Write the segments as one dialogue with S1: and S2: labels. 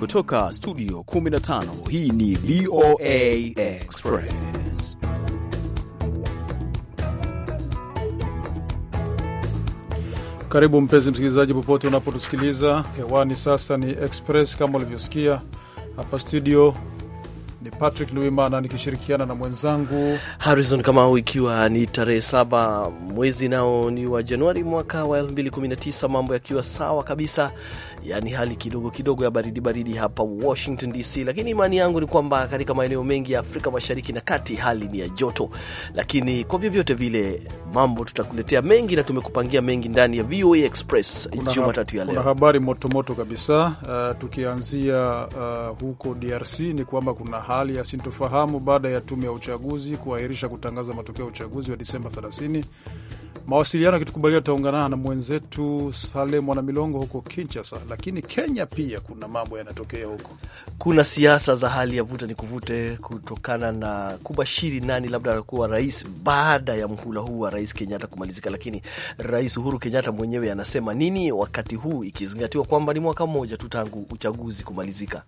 S1: Kutoka studio 15 hii ni VOA Express.
S2: Karibu mpenzi msikilizaji, popote unapotusikiliza hewani. Sasa ni Express kama ulivyosikia hapa studio ni Patrick Luimana nikishirikiana na mwenzangu
S1: Harrison Kamau, ikiwa ni tarehe saba mwezi nao ni wa Januari mwaka wa 2019, mambo yakiwa sawa kabisa, yani hali kidogo kidogo ya baridi baridi hapa Washington DC, lakini imani yangu ni kwamba katika maeneo mengi ya Afrika Mashariki na Kati hali ni ya joto. Lakini kwa vyovyote vile mambo tutakuletea mengi na tumekupangia mengi ndani ya VOA Express Jumatatu ya leo. Kuna
S2: habari motomoto kabisa, uh, tukianzia uh, huko DRC ni kwamba kuna hali ya sintofahamu baada ya tume ya uchaguzi kuahirisha kutangaza matokeo ya uchaguzi wa Disemba 30. Mawasiliano yakitukubalia, tutaungana na mwenzetu Saleh Mwanamilongo huko kinchasa Lakini Kenya pia kuna mambo yanatokea
S1: huko, kuna siasa za hali ya vuta ni kuvute kutokana na kubashiri nani labda atakuwa rais baada ya mhula huu wa Rais Kenyatta kumalizika. Lakini Rais Uhuru Kenyatta mwenyewe anasema nini wakati huu, ikizingatiwa kwamba ni mwaka mmoja tu tangu uchaguzi kumalizika?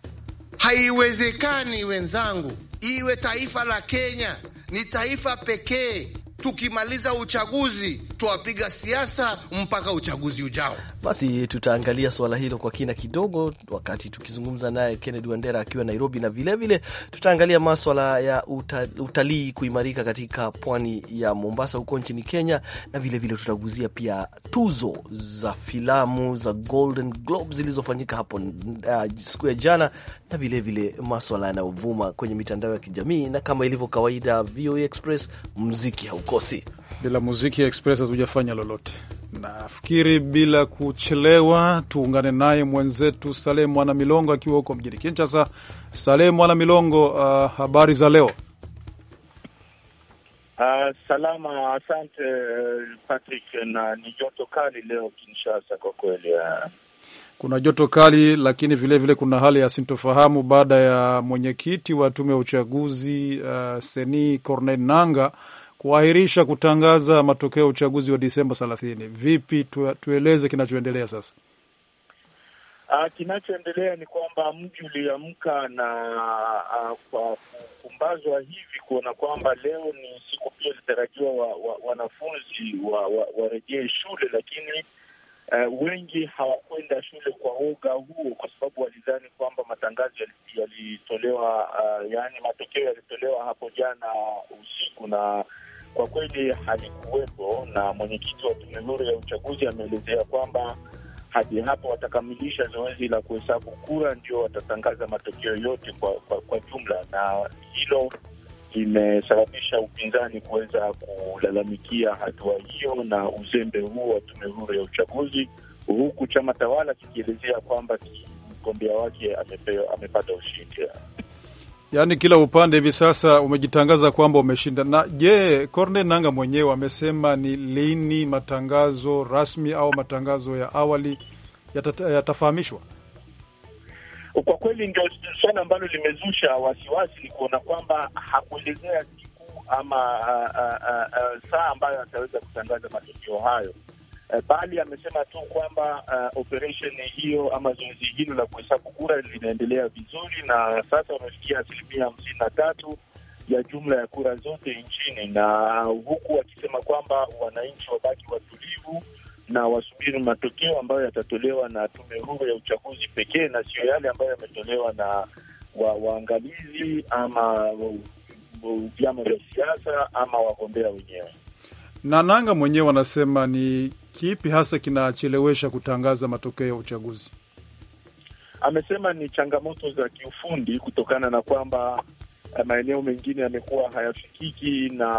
S3: Haiwezekani wenzangu, iwe taifa la Kenya ni taifa pekee tukimaliza uchaguzi twapiga siasa mpaka uchaguzi ujao.
S1: Basi tutaangalia swala hilo kwa kina kidogo, wakati tukizungumza naye Kennedy Wandera akiwa Nairobi, na vilevile tutaangalia maswala ya utalii kuimarika katika pwani ya Mombasa huko nchini Kenya, na vilevile tutaguzia pia tuzo za filamu za Golden Globe zilizofanyika hapo uh, siku ya jana, na vilevile maswala yanayovuma kwenye mitandao ya kijamii, na kama ilivyo kawaida, VOA e Express muziki hauko ukosi. Bila muziki express hatujafanya lolote.
S2: Nafikiri bila kuchelewa, tuungane naye mwenzetu Saleh Mwana Milongo akiwa huko mjini Kinshasa. Saleh Mwana Milongo, uh, habari za leo?
S4: Uh, salama, asante uh, Patrick, na ni joto kali leo Kinshasa kwa kweli. Uh,
S2: kuna joto kali lakini vilevile vile kuna hali ya sintofahamu baada ya mwenyekiti wa tume ya uchaguzi uh, Seni Corneille Nanga kuahirisha kutangaza matokeo ya uchaguzi wa Disemba thelathini. Vipi, tueleze kinachoendelea sasa.
S4: Uh, kinachoendelea ni kwamba mji uliamka na uh, kwa kukumbazwa hivi kuona kwamba leo ni siku pia ilitarajiwa wa, wa, wanafunzi warejee wa, wa shule, lakini uh, wengi hawakwenda shule kwa uga huo, kwa sababu walidhani kwamba matangazo yalitolewa, uh, yaani matokeo yalitolewa hapo jana usiku na kwa kweli halikuwepo, na mwenyekiti wa tume huru ya uchaguzi ameelezea kwamba hadi hapo watakamilisha zoezi la kuhesabu kura, ndio watatangaza matokeo yote kwa, kwa, kwa jumla, na hilo limesababisha upinzani kuweza kulalamikia hatua hiyo na uzembe huo wa tume huru ya uchaguzi, huku chama tawala kikielezea kwamba mgombea wake amepata ushindi
S2: yaani kila upande hivi sasa umejitangaza kwamba umeshinda. Na je, Corne Nanga mwenyewe amesema ni lini matangazo rasmi au matangazo ya awali yatafahamishwa? Yata kwa
S4: kweli ndio swala ambalo limezusha wasiwasi, ni kuona kwamba hakuelezea siku ama a, a, a, saa ambayo ataweza kutangaza matokeo hayo. Eh, bali amesema tu kwamba uh, operation hiyo ama zoezi hilo la kuhesabu kura linaendelea vizuri, na sasa wamefikia asilimia hamsini na tatu ya jumla ya kura zote nchini, na huku wakisema kwamba wananchi wabaki watulivu na wasubiri matokeo ambayo yatatolewa na tume huru ya uchaguzi pekee na sio yale ambayo yametolewa na wa, waangalizi ama vyama vya siasa ama wagombea wenyewe.
S2: Na nanga mwenyewe anasema ni kipi hasa kinachelewesha kutangaza matokeo ya uchaguzi?
S4: Amesema ni changamoto za kiufundi kutokana na kwamba eh, maeneo mengine yamekuwa hayafikiki, na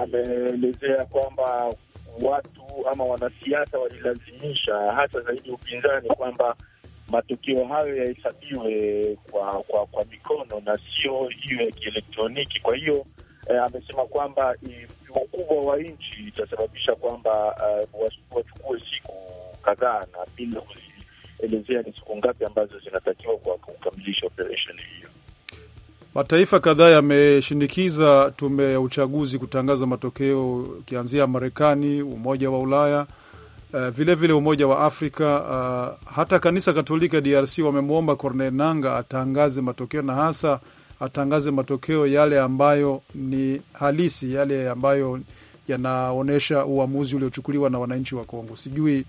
S4: ameelezea kwamba watu ama wanasiasa walilazimisha hasa zaidi upinzani kwamba matokeo hayo yahesabiwe kwa, kwa, kwa mikono na sio hiyo ya kielektroniki. Kwa hiyo eh, amesema kwamba ukubwa wa nchi itasababisha kwamba uh, wachukue siku kadhaa na bila kuzielezea ni siku ngapi ambazo zinatakiwa kwa kukamilisha operesheni hiyo.
S2: Mataifa kadhaa yameshinikiza tume ya uchaguzi kutangaza matokeo, ukianzia Marekani, Umoja wa Ulaya, vilevile eh, uh, vile Umoja wa Afrika. Uh, hata kanisa Katolika DRC wamemwomba Corneille Nangaa atangaze matokeo na hasa atangaze matokeo yale ambayo ni halisi, yale ambayo yanaonyesha uamuzi uliochukuliwa na wananchi wa Kongo. Sijui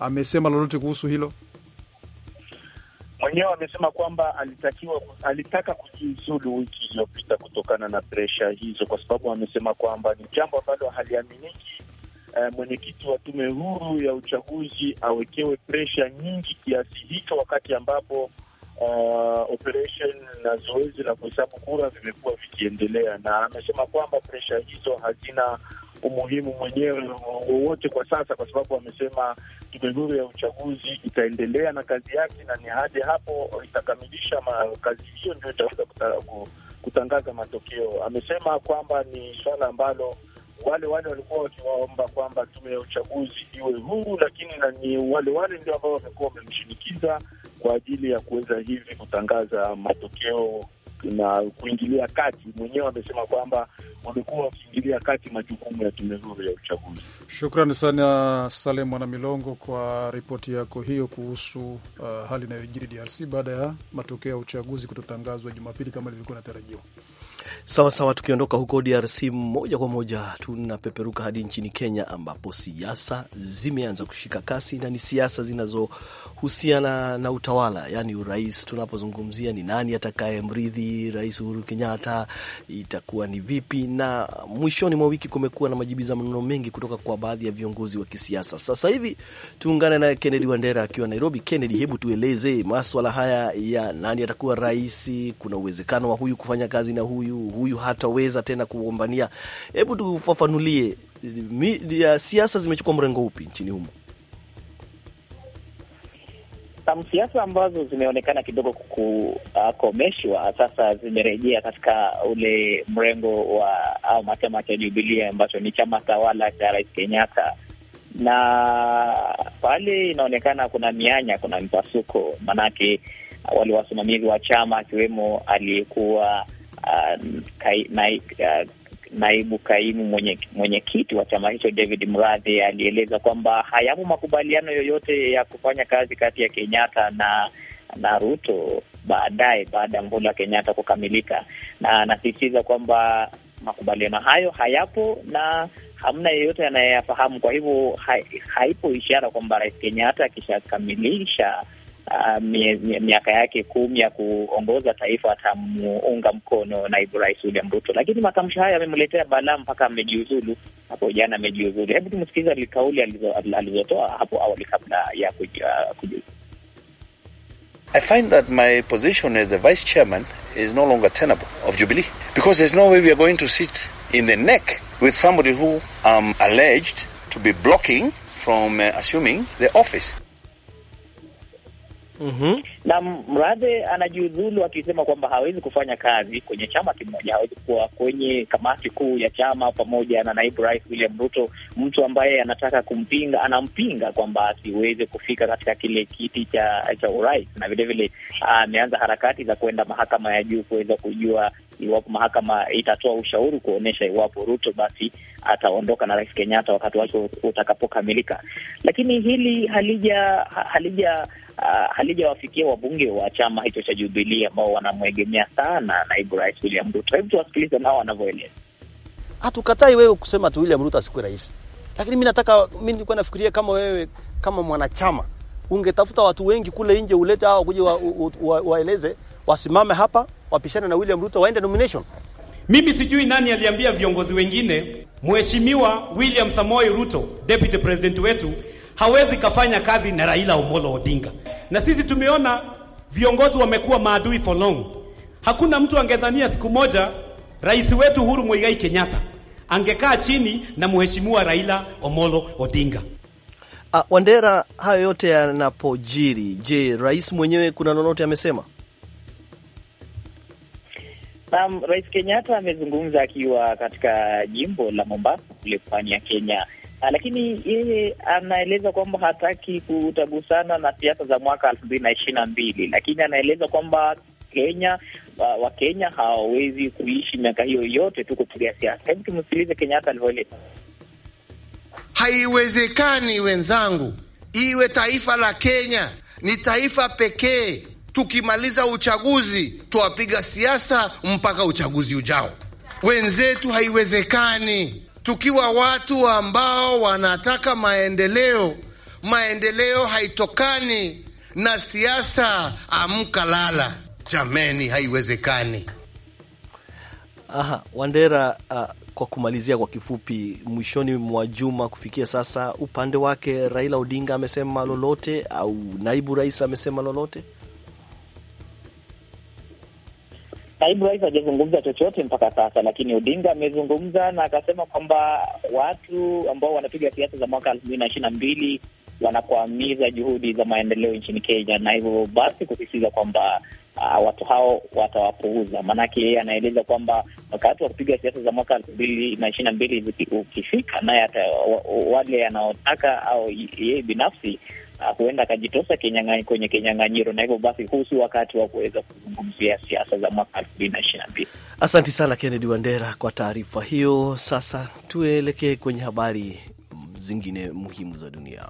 S2: amesema lolote kuhusu hilo. Mwenyewe
S4: amesema kwamba alitakiwa alitaka kujiuzulu wiki iliyopita kutokana na presha hizo, kwa sababu amesema kwamba ni jambo ambalo haliaminiki e, mwenyekiti wa tume huru ya uchaguzi awekewe presha nyingi kiasi hicho, wakati ambapo uh, operation na zoezi la kuhesabu kura vimekuwa vikiendelea, na amesema kwamba presha hizo hazina umuhimu mwenyewe wowote kwa sasa, kwa sababu amesema tume huru ya uchaguzi itaendelea na kazi yake, na ni hadi hapo itakamilisha kazi hiyo ndio itaweza kutangaza matokeo. Amesema kwamba ni swala ambalo wale wale walikuwa wakiwaomba kwamba tume ya uchaguzi iwe huru, lakini na ni wale wale ndio ambao wamekuwa wamemshinikiza kwa ajili ya kuweza hivi kutangaza matokeo na kuingilia kati. Mwenyewe amesema kwamba wamekuwa wakiingilia kati majukumu ya tume huru ya uchaguzi.
S2: Shukrani sana Salem Mwana Milongo kwa ripoti yako hiyo kuhusu uh, hali inayojiri DRC baada ya matokeo ya uchaguzi kutotangazwa Jumapili kama ilivyokuwa inatarajiwa.
S1: Sawa sawa, tukiondoka huko DRC moja kwa moja tunapeperuka hadi nchini Kenya, ambapo siasa zimeanza kushika kasi na ni siasa zinazohusiana na utawala, yani urais. Tunapozungumzia ni nani atakaye mridhi Rais Uhuru Kenyatta, itakuwa ni vipi? Na mwishoni mwa wiki kumekuwa na majibiza mnono mengi kutoka kwa baadhi ya viongozi wa kisiasa. Sasa hivi tuungane naye Kennedy Wandera akiwa Nairobi. Kennedy, hebu tueleze maswala haya ya nani atakuwa rais, kuna uwezekano wa huyu kufanya kazi na huyu huyu huyu hataweza tena kugombania. Hebu tufafanulie siasa zimechukua mrengo upi nchini humo?
S5: Siasa ambazo zimeonekana kidogo kukomeshwa uh, sasa zimerejea katika ule mrengo wa au machama cha jubilia ambacho ni chama tawala cha Rais Kenyatta, na pale inaonekana kuna mianya, kuna mpasuko, maanake wale wasimamizi wa chama akiwemo aliyekuwa um, uh, naibu kaimu mwenyekiti mwenye wa chama hicho David Mradhi alieleza kwamba hayamo makubaliano yoyote ya kufanya kazi kati ya Kenyatta na na Ruto baadaye baada ya mhula wa Kenyatta kukamilika, na anasisitiza kwamba makubaliano hayo hayapo na hamna yeyote anayeyafahamu. Kwa hivyo haipo ishara kwamba Rais Kenyatta akishakamilisha Ah, miaka yake kumi ya kuongoza taifa atamuunga mkono naibu rais William Ruto, lakini matamshi haya yamemletea balaa mpaka amejiuzulu hapo jana, amejiuzulu. Hebu tumsikiliza kauli
S3: alizotoa hapo awali kabla ya kujiuzulu. I find that my position as the vice chairman is no longer tenable of Jubilee because there's no way we are going to sit in the neck with somebody who um alleged to be blocking from uh, assuming the office
S5: mm -hmm. na Mradhe anajiuzulu akisema kwamba hawezi kufanya kazi kwenye chama kimoja, hawezi kuwa kwenye kamati kuu ya chama pamoja na naibu rais William Ruto, mtu ambaye anataka kumpinga, anampinga kwamba asiweze kufika katika kile kiti cha cha urais, na vilevile ah, ameanza harakati za kwenda mahakama ya juu kuweza kujua iwapo mahakama itatoa ushauri kuonyesha iwapo Ruto basi ataondoka na Rais Kenyatta wakati wake utakapokamilika, lakini hili halija halija Ah, halijawafikia wabunge wa chama hicho cha Jubilii ambao wanamwegemea sana naibu rais William Ruto. Hebu tuwasikilize nao wanavyoeleza.
S1: Hatukatai wewe kusema tu William Ruto asikuwe rais, lakini mi nataka mi nilikuwa nafikiria kama wewe kama mwanachama ungetafuta watu wengi kule nje, ulete hawa kuja waeleze wa, wa, wa wasimame hapa wapishane na William Ruto waende nomination. Mimi sijui nani
S6: aliambia viongozi wengine, Mheshimiwa William Samoei Ruto, deputy president wetu hawezi kafanya kazi na Raila Omolo Odinga. Na sisi tumeona viongozi wamekuwa maadui for long. Hakuna mtu angedhania siku moja rais wetu Uhuru
S1: Muigai Kenyatta angekaa chini na mheshimiwa Raila Omolo Odinga. A, ah, Wandera, hayo yote yanapojiri, je, rais mwenyewe kuna lolote amesema?
S5: Naam, Rais Kenyatta amezungumza akiwa katika jimbo la Mombasa kule pwani ya Kenya Ah, lakini yeye anaeleza kwamba hataki kutagusana na siasa za mwaka elfu mbili na ishirini na mbili, lakini anaeleza kwamba Kenya wa kenya hawawezi kuishi miaka hiyo yote tu kupiga siasa. Hebu tumsikilize Kenyatta alivyoeleza.
S3: Haiwezekani wenzangu, iwe taifa la Kenya ni taifa pekee. Tukimaliza uchaguzi tuwapiga siasa mpaka uchaguzi ujao. Wenzetu haiwezekani tukiwa watu ambao wanataka maendeleo. Maendeleo haitokani na siasa amka lala, jameni, haiwezekani. Aha, Wandera,
S1: uh, kwa kumalizia kwa kifupi, mwishoni mwa juma kufikia sasa, upande wake Raila Odinga amesema lolote au naibu rais amesema lolote?
S5: naibu rais hajazungumza chochote mpaka sasa, lakini Odinga amezungumza na akasema kwamba watu ambao wanapiga siasa za mwaka elfu mbili na ishirini na mbili wanakwamiza juhudi za maendeleo nchini Kenya, na hivyo basi kusisitiza kwamba uh, watu hao watawapuuza. Maanake yeye anaeleza kwamba wakati wa kupiga siasa za mwaka elfu mbili na ishirini na mbili ukifika, naye wale anaotaka au yeye binafsi Ah, huenda akajitosa kwenye kinyang'anyiro, na hivyo basi huu si wakati wa kuweza kuzungumzia siasa za mwaka elfu mbili na ishirini na mbili.
S1: Asante sana Kennedy Wandera kwa taarifa hiyo. Sasa tuelekee kwenye habari zingine muhimu za dunia.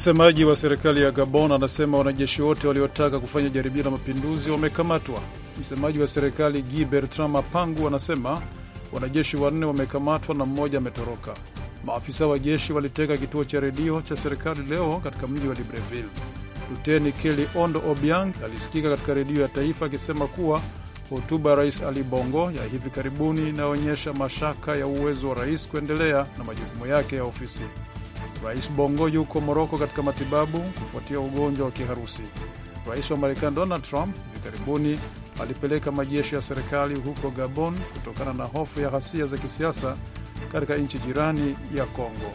S2: Msemaji wa serikali ya Gabon anasema wanajeshi wote waliotaka kufanya jaribio la mapinduzi wamekamatwa. Msemaji wa serikali Guy Bertrand Mapangu anasema wanajeshi wanne wamekamatwa na mmoja ametoroka. Maafisa wa jeshi waliteka kituo cha redio cha serikali leo katika mji wa Libreville. Luteni Keli Ondo Obiang alisikika katika redio ya taifa akisema kuwa hotuba ya Rais Ali Bongo ya hivi karibuni inaonyesha mashaka ya uwezo wa rais kuendelea na majukumu yake ya ofisi. Rais Bongo yuko Moroko katika matibabu kufuatia ugonjwa wa kiharusi. Rais wa Marekani Donald Trump hivi karibuni alipeleka majeshi ya serikali huko Gabon kutokana na hofu ya ghasia za kisiasa katika nchi jirani ya Kongo.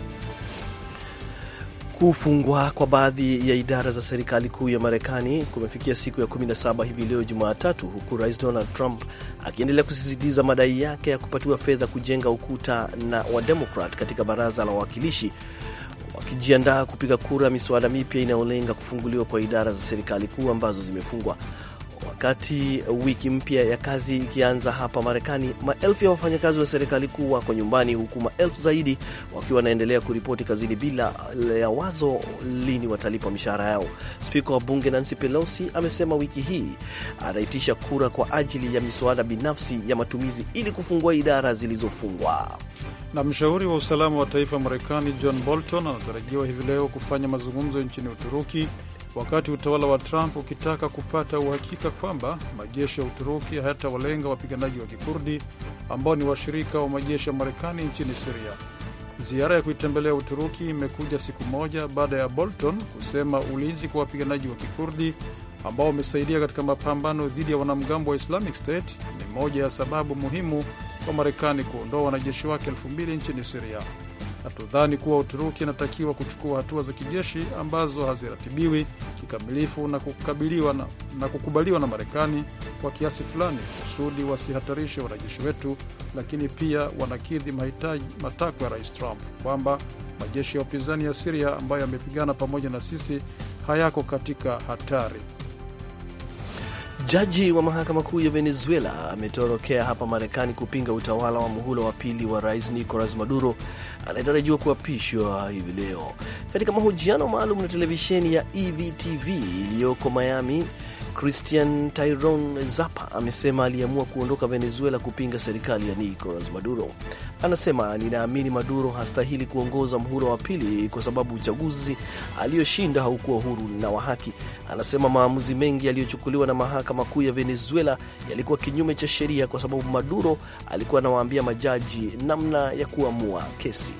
S1: Kufungwa kwa baadhi ya idara za serikali kuu ya Marekani kumefikia siku ya 17 hivi leo Jumatatu, huku rais Donald Trump akiendelea kusisitiza madai yake ya kupatiwa fedha kujenga ukuta na Wademokrat katika baraza la wawakilishi wakijiandaa kupiga kura miswada mipya inayolenga kufunguliwa kwa idara za serikali kuu ambazo zimefungwa. Wakati wiki mpya ya kazi ikianza hapa Marekani, maelfu ya wafanyakazi wa serikali kuu wako nyumbani, huku maelfu zaidi wakiwa wanaendelea kuripoti kazini bila ya wazo lini watalipa mishahara yao. Spika wa bunge Nancy Pelosi amesema wiki hii anaitisha kura kwa ajili ya miswada binafsi ya matumizi ili kufungua idara zilizofungwa.
S2: Na mshauri wa usalama wa taifa Marekani John Bolton anatarajiwa hivi leo kufanya mazungumzo nchini Uturuki wakati utawala wa Trump ukitaka kupata uhakika kwamba majeshi ya Uturuki hayatawalenga wapiganaji wa Kikurdi ambao ni washirika wa majeshi ya Marekani nchini Siria. Ziara ya kuitembelea Uturuki imekuja siku moja baada ya Bolton kusema ulinzi kwa wapiganaji wa Kikurdi ambao wamesaidia katika mapambano dhidi ya wanamgambo wa Islamic State ni moja ya sababu muhimu kwa Marekani kuondoa wanajeshi wake elfu mbili nchini Siria. Hatudhani kuwa Uturuki inatakiwa kuchukua hatua za kijeshi ambazo haziratibiwi kikamilifu na, kukabiliwa na, na kukubaliwa na Marekani kwa kiasi fulani kusudi wasihatarishe wanajeshi wetu, lakini pia wanakidhi mahitaji matakwa ya Rais Trump kwamba majeshi ya upinzani ya Siria ambayo yamepigana pamoja na sisi hayako katika hatari.
S1: Jaji wa mahakama kuu ya Venezuela ametorokea hapa Marekani kupinga utawala wa muhula wa pili wa rais Nicolas Maduro anayetarajiwa kuapishwa hivi leo katika mahojiano maalum na televisheni ya EVTV iliyoko Miami. Christian Tyrone Zappa amesema aliamua kuondoka Venezuela kupinga serikali ya Nicolas Maduro. Anasema, ninaamini Maduro hastahili kuongoza mhula wa pili kwa sababu uchaguzi aliyoshinda haukuwa huru na wa haki. Anasema maamuzi mengi yaliyochukuliwa na mahakama kuu ya Venezuela yalikuwa kinyume cha sheria kwa sababu Maduro alikuwa anawaambia majaji namna ya kuamua kesi.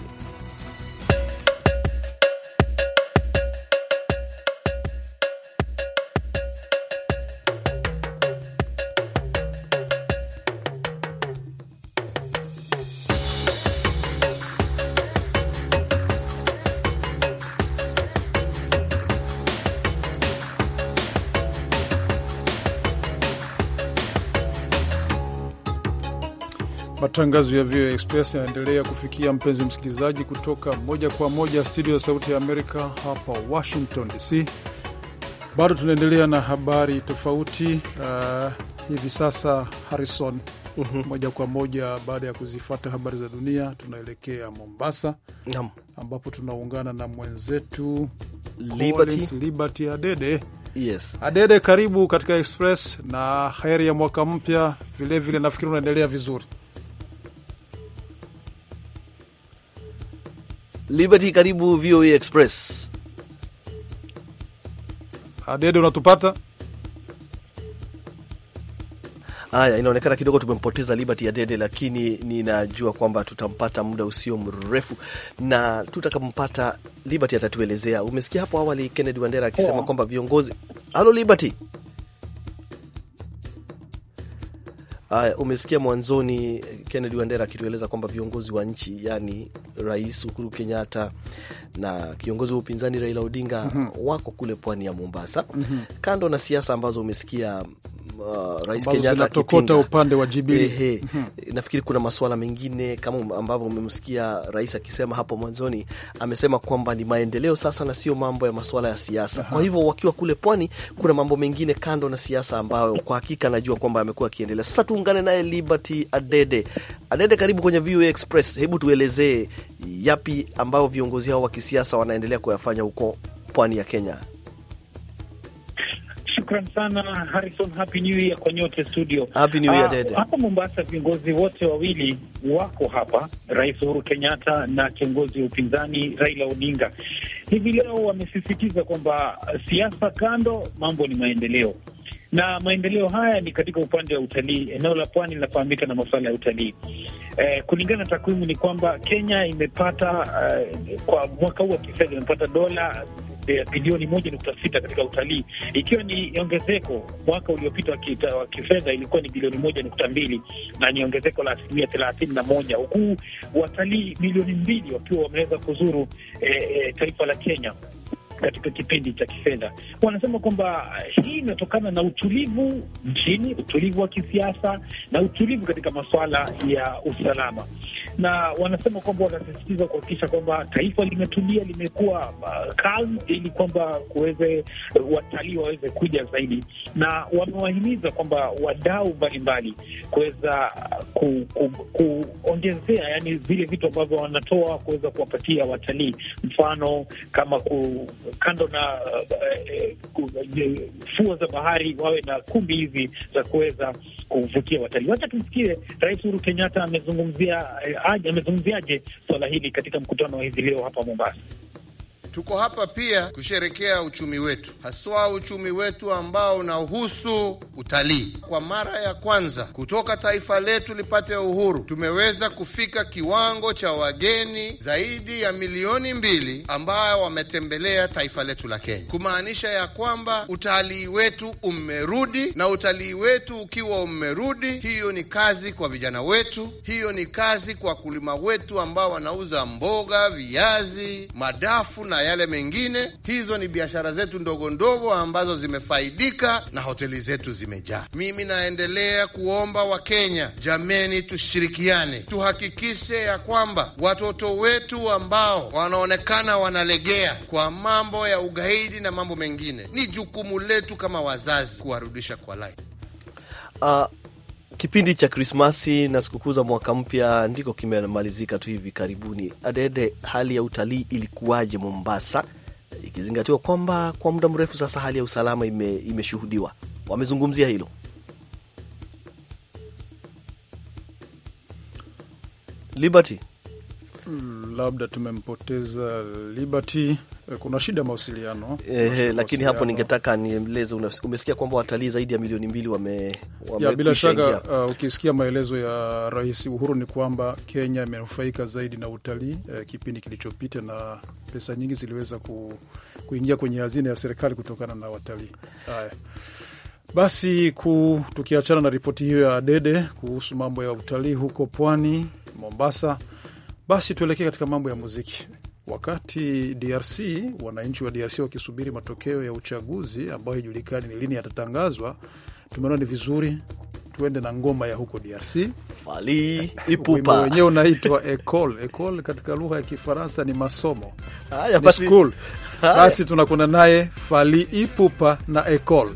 S2: Matangazo ya VOA Express yanaendelea kufikia mpenzi msikilizaji, kutoka moja kwa moja studio ya Sauti ya Amerika hapa Washington DC. Bado tunaendelea na habari tofauti uh, hivi sasa Harrison. Mm Moja kwa moja baada ya kuzifata habari za dunia tunaelekea Mombasa. Nam. ambapo tunaungana na mwenzetu Liberty, Liberty Adede. Yes. Adede, karibu katika Express na heri ya mwaka mpya vilevile, nafikiri unaendelea
S1: vizuri. Liberty, karibu VOA Express. Adede, unatupata? Haya, inaonekana kidogo tumempoteza Liberty ya Dede, lakini ninajua kwamba tutampata muda usio mrefu, na tutakampata Liberty atatuelezea. Umesikia hapo awali Kennedy Wandera akisema kwamba viongozi. Halo Liberty. Uh, umesikia mwanzoni eh, Kennedy Wandera akitueleza kwamba viongozi wa nchi yani Rais Uhuru Kenyatta na kiongozi wa upinzani Raila Odinga mm -hmm. wako kule pwani ya Mombasa mm -hmm. kando na siasa ambazo umesikia uh, Rais Kenyatta upande wa Jubilee eh, mm -hmm. Nafikiri kuna masuala mengine kama ambavyo umemsikia rais akisema hapo mwanzoni, amesema kwamba ni maendeleo sasa na sio mambo ya masuala ya siasa. Kwa hivyo wakiwa kule pwani, kuna mambo mengine kando na siasa ambayo kwa hakika najua kwamba amekuwa akiendelea. Sasa tuungane naye Liberty Adede. Adede, karibu kwenye VOA Express. Hebu tuelezee yapi ambayo viongozi hao wa kisiasa wanaendelea kuyafanya huko pwani ya Kenya.
S6: Shukran sana Harrison, happy new year kwa nyote studio. Happy new year ah, dede. Hapa Mombasa viongozi wote wawili wako hapa, Rais Uhuru Kenyatta na kiongozi wa upinzani Raila Odinga. Hivi leo wamesisitiza kwamba siasa kando, mambo ni maendeleo na maendeleo haya ni katika upande wa utalii. Eneo la pwani linafahamika na masuala ya utalii. E, kulingana na takwimu ni kwamba Kenya imepata uh, kwa mwaka huu wa kifedha imepata dola Eh, bilioni moja nukta sita katika utalii, ikiwa ni ongezeko. Mwaka uliopita wa kifedha ilikuwa ni bilioni moja nukta mbili na ni ongezeko la asilimia thelathini na moja huku watalii milioni mbili wakiwa wameweza kuzuru eh, eh, taifa la Kenya katika kipindi cha kifedha. Wanasema kwamba eh, hii inatokana na utulivu nchini, utulivu wa kisiasa na utulivu katika masuala ya usalama, na wanasema kwamba wanasisitiza kuhakikisha kwamba taifa limetulia, limekuwa uh, calm, ili kwamba kuweze eh, watalii waweze kuja zaidi, na wamewahimiza kwamba wadau mbalimbali kuweza ku, ku, kuongezea yani, vile vitu ambavyo wanatoa kuweza kuwapatia watalii, mfano kama ku kando na eh, eh, eh, fuo za bahari wawe na kumbi hizi za kuweza kuvutia watalii. Wacha tumsikie Rais Uhuru Kenyatta amezungumziaje swala hili katika mkutano wa hizi leo hapa
S3: Mombasa. Tuko hapa pia kusherekea uchumi wetu, haswa uchumi wetu ambao unahusu utalii. Kwa mara ya kwanza kutoka taifa letu lipate uhuru, tumeweza kufika kiwango cha wageni zaidi ya milioni mbili ambao wametembelea taifa letu la Kenya, kumaanisha ya kwamba utalii wetu umerudi, na utalii wetu ukiwa umerudi, hiyo ni kazi kwa vijana wetu, hiyo ni kazi kwa wakulima wetu ambao wanauza mboga, viazi, madafu na yale mengine. Hizo ni biashara zetu ndogo ndogo ambazo zimefaidika na hoteli zetu zimejaa. Mimi naendelea kuomba Wakenya, jameni, tushirikiane, tuhakikishe ya kwamba watoto wetu ambao wanaonekana wanalegea kwa mambo ya ugaidi na mambo mengine, ni jukumu letu kama wazazi kuwarudisha kwa laini.
S1: Uh, Kipindi cha Krismasi na sikukuu za mwaka mpya ndiko kimemalizika tu hivi karibuni. Adede, hali ya utalii ilikuwaje Mombasa, ikizingatiwa kwamba kwa muda mrefu sasa hali ya usalama ime, imeshuhudiwa? Wamezungumzia hilo Liberty. Mm, labda tumempoteza
S2: Liberty, eh, kuna shida mawasiliano eh, lakini hapo
S1: ningetaka nieleze, umesikia kwamba watalii zaidi ya milioni mbili wame, wame ya, bila shaka
S2: uh, ukisikia maelezo ya Rais Uhuru ni kwamba Kenya imenufaika zaidi na utalii eh, kipindi kilichopita na pesa nyingi ziliweza ku, kuingia kwenye hazina ya serikali kutokana na watalii haya. Basi ku, tukiachana na ripoti hiyo ya Dede kuhusu mambo ya utalii huko pwani Mombasa basi tuelekee katika mambo ya muziki. Wakati DRC wananchi wa DRC wakisubiri matokeo ya uchaguzi ambayo haijulikani ni lini yatatangazwa, tumeona ni vizuri tuende na ngoma ya huko DRC.
S1: Eh, wimbo wenyewe
S2: unaitwa Ecole. Ecole katika lugha ya Kifaransa ni masomo, ni school. Basi tunakwenda naye Fali Ipupa na Ecole.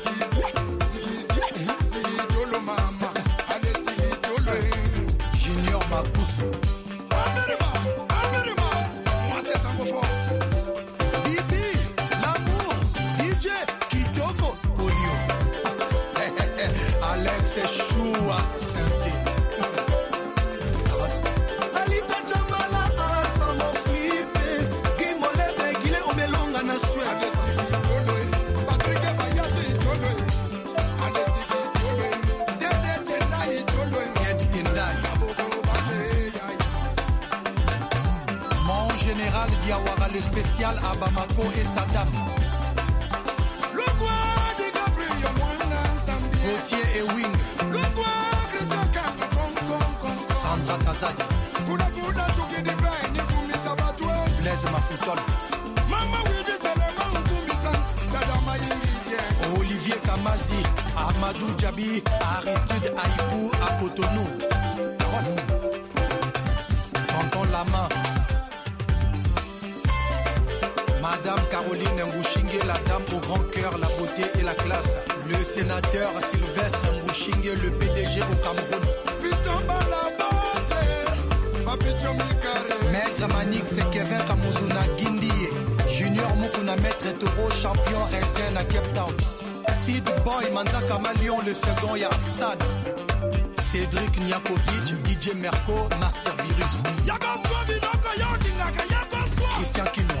S7: Fatma Kusu. capitale à Bamako et Sadam. Le coin de Gabriel Mwanga Zambie. Gauthier et Wing. Le coin Christian Kambi Sandra Kazadi. Kuna Fuda Tuki Dibra et Nikumi Sabatwe. Blaise Mafoutol. Mama Widi Salama Nkumisa. Dadama Yingi. Olivier Kamazi. Ahmadou Djabi. Aristide Aïkou à Cotonou. Ross. la main. Madame Caroline Mbouchingue, la dame au grand cœur, la beauté et la classe. Le sénateur Sylvestre Mbouchingue, le PDG au Cameroun. Maître Manik Kevin, Kamuzuna gindi Junior Mukuna Maître Toro, champion SN à Cape Town. Feed Boy Manzaka Malion, le second Yarsan. Cédric Niakovic, DJ Merco, Master Virus. Christian Kino.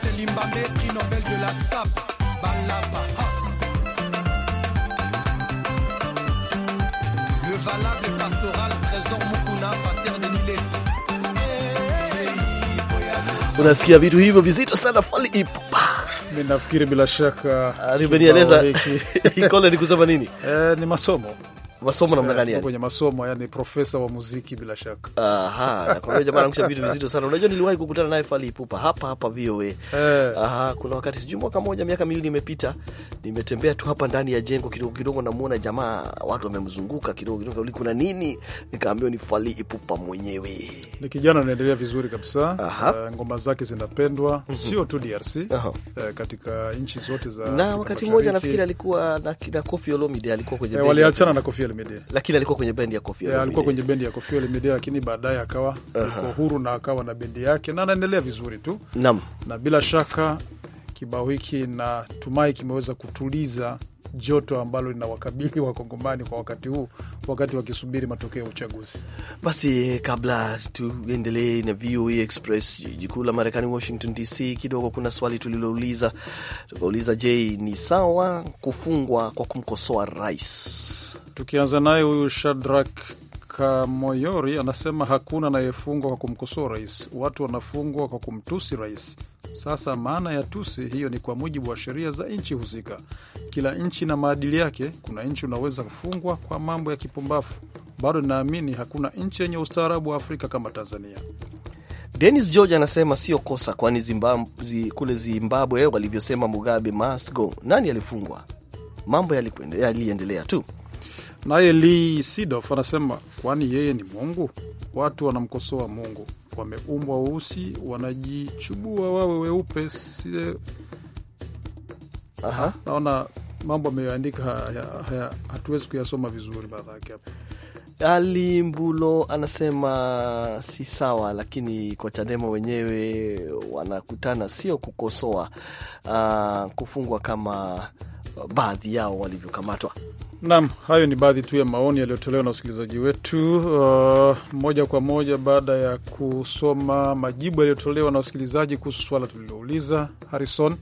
S7: c'est l'imbabé qui Nobel de la SAP. Balaba. Le valable pastoral, Trésor Mukuna, pasteur de Niles.
S1: Unasikia vitu hivyo vizito sana fali ipo. Nafikiri bila shaka Ruben, eleza ikole ni kusema nini? Eh, ni masomo masomo namna gani eh, yani? Kwenye masomo
S2: yani profesa wa muziki bila shaka.
S1: Aha, kwa hiyo jamaa anakusha vitu vizito sana. Unajua niliwahi kukutana naye Fally Ipupa hapa hapa VOA. Eh. Aha, kuna wakati sijui mwaka moja miaka miwili imepita, nimetembea tu hapa ndani ya jengo kidogo kidogo namuona jamaa watu wamemzunguka kidogo kidogo uli kuna nini? Nikaambiwa ni Fally Ipupa mwenyewe.
S2: Ni kijana anaendelea vizuri kabisa. Uh, ngoma zake zinapendwa mhm. sio tu
S1: DRC uh,
S2: eh, katika nchi zote za na wakati mmoja nafikiri
S1: alikuwa na, na Koffi Olomide alikuwa kwenye eh, waliachana na Koffi Medea, lakini alikuwa kwenye bendi ya Koffi Olomide, alikuwa kwenye
S2: bendi ya Koffi Olomide, lakini baadaye akawa yuko huru na akawa na bendi yake na anaendelea vizuri tu. Naam, na bila shaka kibao hiki na tumai kimeweza kutuliza joto ambalo lina wakabili wa Kongomani kwa wakati huu, wakati wakisubiri matokeo ya uchaguzi.
S1: Basi kabla tuendelee na VOA e Express, jiji kuu la Marekani, Washington DC, kidogo kuna swali tulilouliza, tukauliza: Je, ni sawa kufungwa kwa kumkosoa rais? Tukianza naye huyu Shadrak
S2: Kamoyori anasema hakuna anayefungwa kwa kumkosoa rais, watu wanafungwa kwa kumtusi rais. Sasa maana ya tusi hiyo ni kwa mujibu wa sheria za nchi husika. Kila nchi na maadili yake. Kuna nchi unaweza kufungwa kwa mambo ya kipumbafu. Bado ninaamini hakuna nchi yenye ustaarabu wa Afrika kama Tanzania.
S1: denis George anasema sio kosa, kwani zi, kule Zimbabwe walivyosema Mugabe must go, nani alifungwa? Mambo yaliendelea tu. Naye Lee Sidof anasema
S2: kwani yeye ni Mungu? Watu wanamkosoa Mungu, wameumbwa weusi, wanajichubua wawe weupe. Sie... Aha. Naona
S1: mambo ameyoandika haya
S2: hatuwezi kuyasoma vizuri baadhi yake hapa.
S1: Ali Mbulo anasema si sawa, lakini kwa Chadema wenyewe wanakutana sio kukosoa, uh, kufungwa kama baadhi yao walivyokamatwa.
S2: Naam, hayo ni baadhi tu ya maoni yaliyotolewa na wasikilizaji wetu uh, moja kwa moja baada ya kusoma majibu yaliyotolewa na wasikilizaji kuhusu swala tulilouliza. Harrison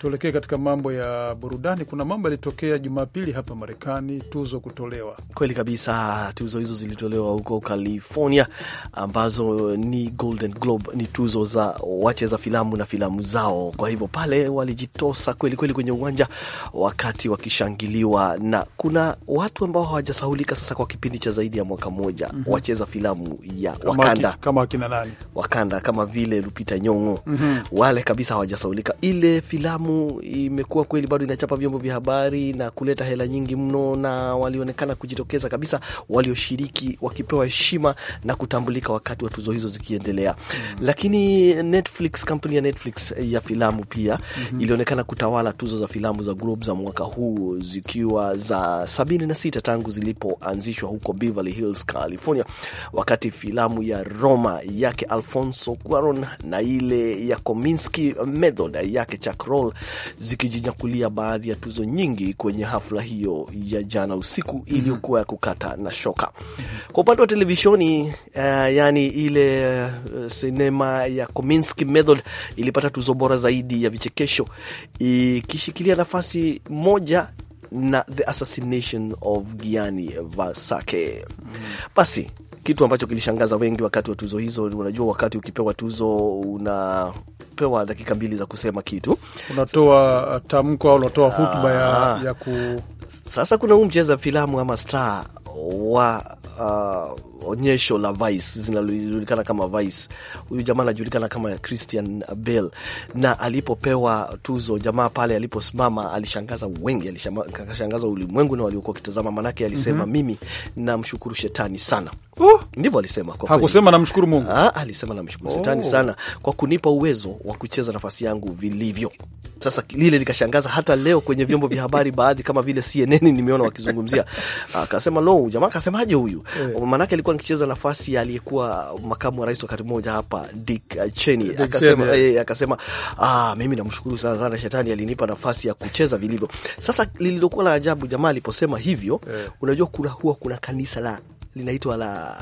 S2: Tuelekee katika mambo ya burudani. Kuna mambo yalitokea Jumapili hapa Marekani, tuzo kutolewa.
S1: Kweli kabisa, tuzo hizo zilitolewa huko California, ambazo ni Golden Globe, ni tuzo za wacheza filamu na filamu zao. Kwa hivyo pale walijitosa kweli kweli kwenye uwanja, wakati wakishangiliwa, na kuna watu ambao hawajasahulika sasa kwa kipindi cha zaidi ya mwaka mmoja, mm -hmm. wacheza filamu ya Wakanda, kama wakina nani Wakanda, kama vile Lupita Nyong'o, mm -hmm. wale kabisa hawajasahulika ile filamu filamu imekuwa kweli bado inachapa vyombo vya habari na kuleta hela nyingi mno, na walionekana kujitokeza kabisa walioshiriki wakipewa heshima na kutambulika wakati wa tuzo hizo zikiendelea. mm. Lakini Netflix, kampuni ya Netflix eh, ya filamu pia mm -hmm. ilionekana kutawala tuzo za filamu za Globe za mwaka huu zikiwa za sabini na sita tangu zilipoanzishwa huko Beverly Hills, California, wakati filamu ya Roma yake Alfonso Cuaron na ile ya Kominsky Method yake Chuck Roll zikijinyakulia baadhi ya tuzo nyingi kwenye hafla hiyo ya jana usiku iliyokuwa ya kukata na shoka. Kwa upande wa televishoni uh, yani ile uh, sinema ya Kominsky Method ilipata tuzo bora zaidi ya vichekesho ikishikilia nafasi moja na The Assassination of Gianni Versace. Basi mm kitu ambacho kilishangaza wengi wakati wa tuzo hizo. Unajua, wakati ukipewa tuzo unapewa dakika mbili za kusema kitu, unatoa tamko au unatoa ah. hutuba ya, ya ku... Sasa kuna huu mcheza filamu ama star wa uh, onyesho la Vice zinalojulikana kama Vice. Huyu jamaa anajulikana kama Christian Bale, na alipopewa tuzo, jamaa pale aliposimama alishangaza wengi, alishangaza ulimwengu na waliokuwa wakitazama, manake alisema mm -hmm. mimi namshukuru shetani sana uh, ndivyo alisema. Kwa hakusema namshukuru Mungu, ah, alisema namshukuru oh. shetani sana kwa kunipa uwezo wa kucheza nafasi yangu vilivyo. Sasa lile likashangaza hata leo kwenye vyombo vya habari baadhi kama vile CNN nimeona wakizungumzia, akasema lo, jamaa akasemaje huyu yeah. Maanake alikuwa nikicheza nafasi aliyekuwa makamu wa rais wakati mmoja hapa Dick Cheney akasema, yeah. Eh, akasema ah, mimi namshukuru sana sana shetani alinipa nafasi ya kucheza vilivyo. Sasa lililokuwa la ajabu jamaa aliposema hivyo yeah. Unajua kuna huwa kuna kanisa la linaitwa la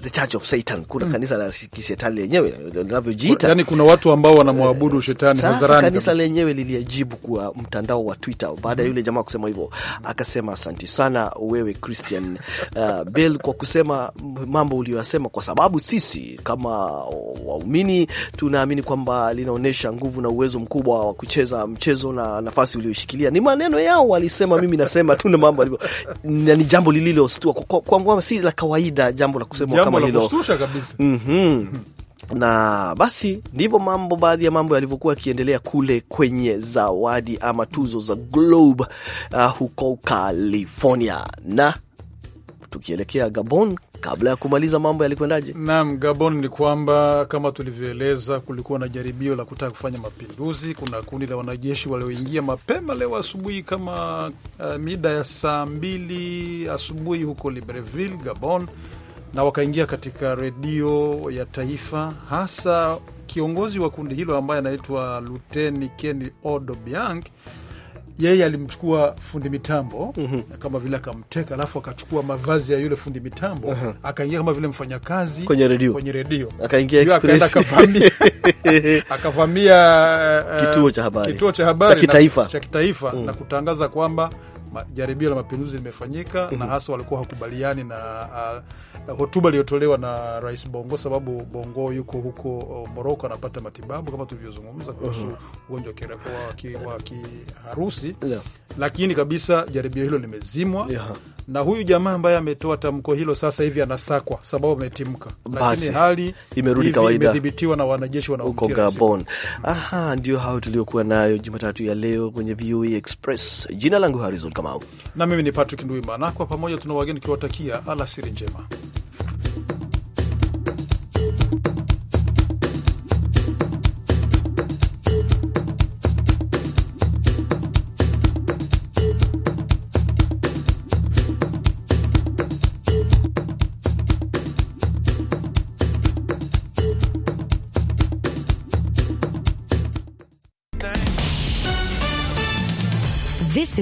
S1: The Church of Satan. Kuna hmm. kanisa la kishetani lenyewe linavyojiita, yani kuna
S2: watu ambao wanamwabudu eh,
S1: shetani hadharani. Kanisa lenyewe liliajibu kwa mtandao wa Twitter baada ya hmm. yule jamaa kusema hivyo, akasema asanti sana wewe Christian uh, Bell kwa kusema mambo uliyosema, kwa sababu sisi kama waumini tunaamini kwamba linaonyesha nguvu na uwezo mkubwa wa kucheza mchezo na nafasi uliyoshikilia. Ni maneno yao walisema, mimi nasema tu na mambo alivyo, na ni jambo lililostua kwa, kwa, kwa, si la kawaida jambo la kusema kama hilo. Mhm. Na basi ndivyo mambo, baadhi ya mambo yalivyokuwa yakiendelea kule kwenye zawadi ama tuzo za Globe uh, huko California na tukielekea Gabon kabla ya kumaliza mambo yalikwendaje?
S2: Naam, Gabon ni kwamba kama tulivyoeleza, kulikuwa na jaribio la kutaka kufanya mapinduzi. Kuna kundi la wanajeshi walioingia mapema leo asubuhi kama uh, mida ya saa mbili asubuhi huko Libreville, Gabon, na wakaingia katika redio ya taifa, hasa kiongozi wa kundi hilo ambaye anaitwa Luteni Keni Odo Biang yeye alimchukua fundi mitambo mm -hmm. kama vile akamteka, alafu akachukua mavazi ya yule fundi mitambo uh -huh. akaingia kama vile mfanyakazi kwenye redio, kwenye redio akaingia express, akavamia akavamia kituo cha eh, habari cha kitaifa, cha kitaifa mm. na kutangaza kwamba jaribio la mapinduzi limefanyika mm -hmm. na hasa walikuwa hakubaliani na uh, uh, hotuba iliyotolewa na Rais Bongo sababu Bongo yuko huko uh, Moroko anapata matibabu kama tulivyozungumza kuhusu mhm. ugonjwa mm -hmm. wa wa kiharusi yeah. Lakini kabisa jaribio hilo limezimwa yeah. Na huyu jamaa ambaye ametoa tamko hilo sasa hivi anasakwa sababu ametimka, lakini hali imerudi kawaida,
S1: imedhibitiwa na wanajeshi wanaomtia Gabon. Aha, ndio hao tuliokuwa nayo Jumatatu ya leo kwenye VOA Express. Jina langu Harizon Kamau
S2: na mimi ni Patrick Nduimana, kwa pamoja tuna wageni tukiwatakia alasiri njema.